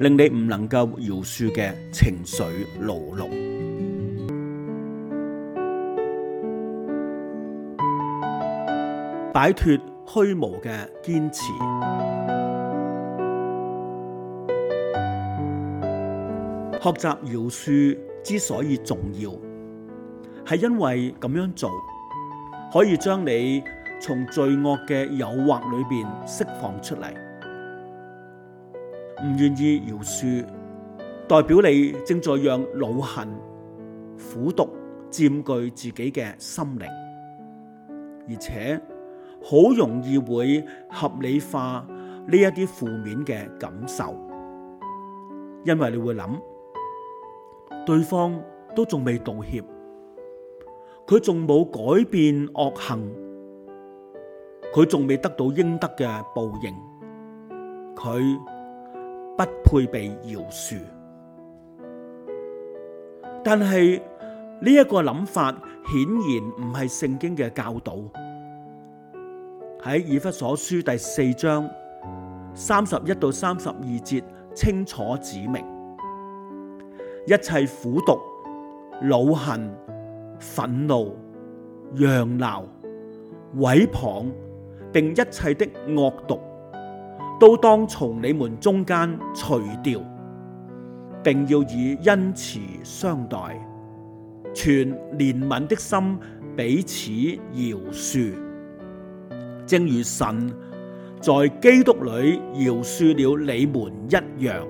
令你唔能夠饒恕嘅情緒牢籠，擺脫虛無嘅堅持。學習饒恕之所以重要，係因為咁樣做可以將你從罪惡嘅誘惑裏邊釋放出嚟。唔願意饒恕，代表你正在讓惱恨、苦毒佔據自己嘅心靈，而且好容易會合理化呢一啲負面嘅感受，因為你會諗，對方都仲未道歉，佢仲冇改變惡行，佢仲未得到應得嘅報應，佢，不配被饒恕，但係呢一個諗法顯然唔係聖經嘅教導。喺以弗所書第四章三十一到三十二節清楚指明，一切苦毒、惱恨、憤怒、嚷鬧、毀謗，並一切的惡毒。都當從你們中間除掉，並要以恩慈相待，全憐憫的心彼此饒恕，正如神在基督裏饒恕了你們一樣。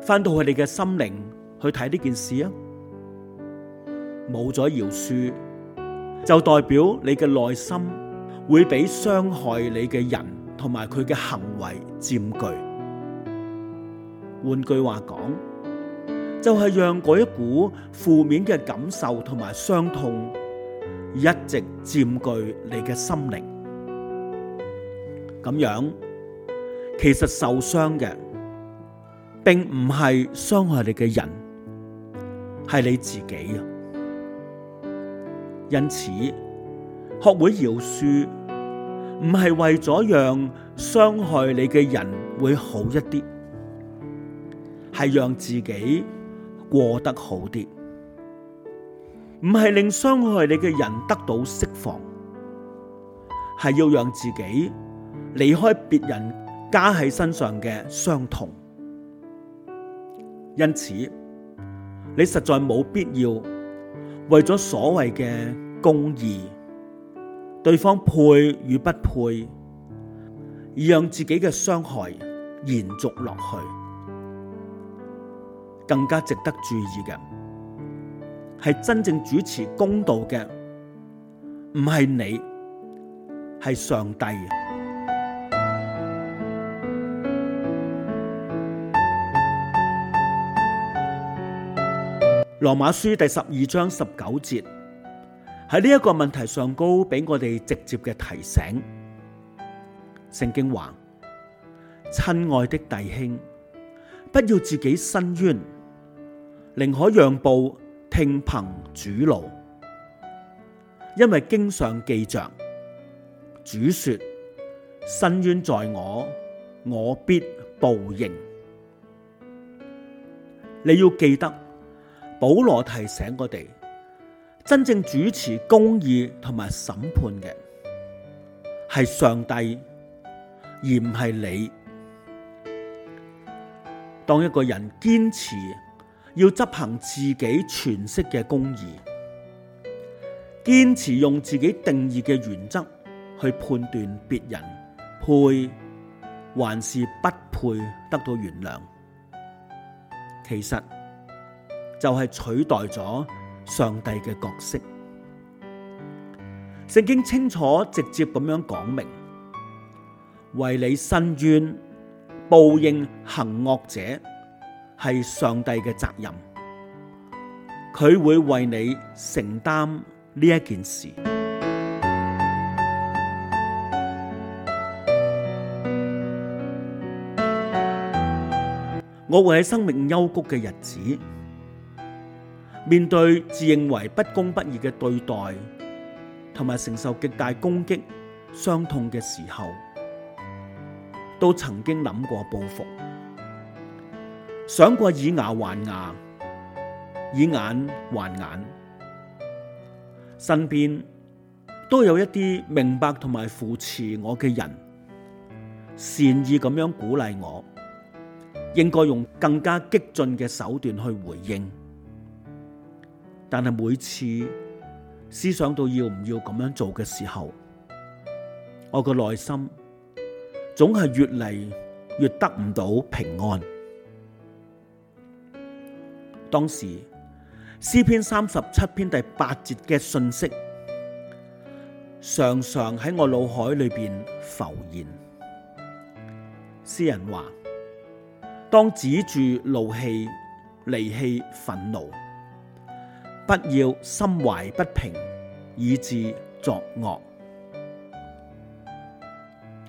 返到去你嘅心靈去睇呢件事啊！冇咗饒恕，就代表你嘅內心會俾傷害你嘅人同埋佢嘅行為佔據。換句話講，就係、是、讓嗰一股負面嘅感受同埋傷痛一直佔據你嘅心靈。咁樣，其實受傷嘅並唔係傷害你嘅人，係你自己啊！因此，學會饒恕唔係為咗讓傷害你嘅人會好一啲，係讓自己過得好啲，唔係令傷害你嘅人得到釋放，係要讓自己離開別人加喺身上嘅傷痛。因此，你實在冇必要。為咗所謂嘅公義，對方配與不配，而讓自己嘅傷害延續落去，更加值得注意嘅係，真正主持公道嘅唔係你，係上帝。羅馬書第十二章十九節，喺呢一個問題上高俾我哋直接嘅提醒。聖經話：親愛的弟兄，不要自己申冤，寧可讓步，聽憑主怒。因為經上記着主說：申冤在我，我必報應。你要記得。保羅提醒我哋，真正主持公義同埋審判嘅係上帝，而唔係你。當一個人堅持要執行自己詮釋嘅公義，堅持用自己定義嘅原則去判斷別人配還是不配得到原諒，其實。就係取代咗上帝嘅角色，聖經清楚直接咁樣講明，為你伸冤、報應行惡者係上帝嘅責任，佢會為你承擔呢一件事。我會喺生命幽谷嘅日子，面對自認為不公不義嘅對待，同埋承受極大攻擊、傷痛嘅時候，都曾經諗過報復，想過以牙還牙、以眼還眼。身邊都有一啲明白同埋扶持我嘅人，善意咁樣鼓勵我，應該用更加激進嘅手段去回應。但係每次思想到要唔要咁樣做嘅時候，我個內心總係越嚟越得唔到平安。當時詩篇三十七篇第八節嘅信息，常常喺我腦海裏邊浮現。詩人話：當止住怒氣、離棄、憤怒。不要心懷不平，以致作惡。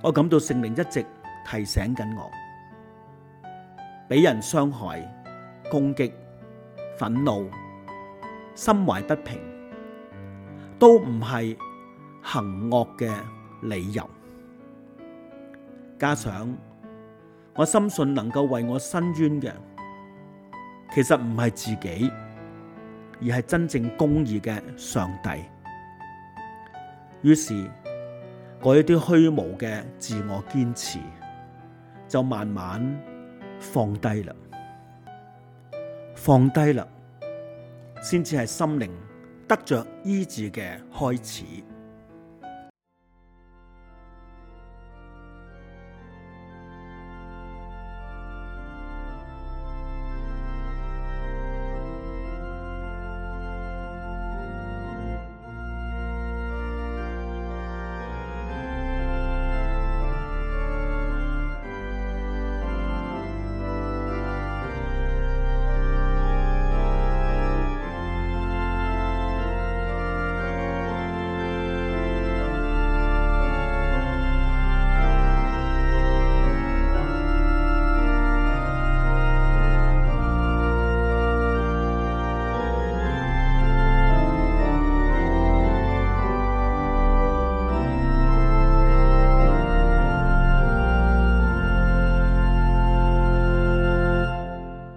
我感到聖靈一直提醒緊我，俾人傷害、攻擊、憤怒、心懷不平，都唔係行惡嘅理由。加上我深信能夠為我申冤嘅，其實唔係自己。而係真正公義嘅上帝，於是嗰一啲虛無嘅自我堅持就慢慢放低啦，放低啦，先至係心靈得着醫治嘅開始。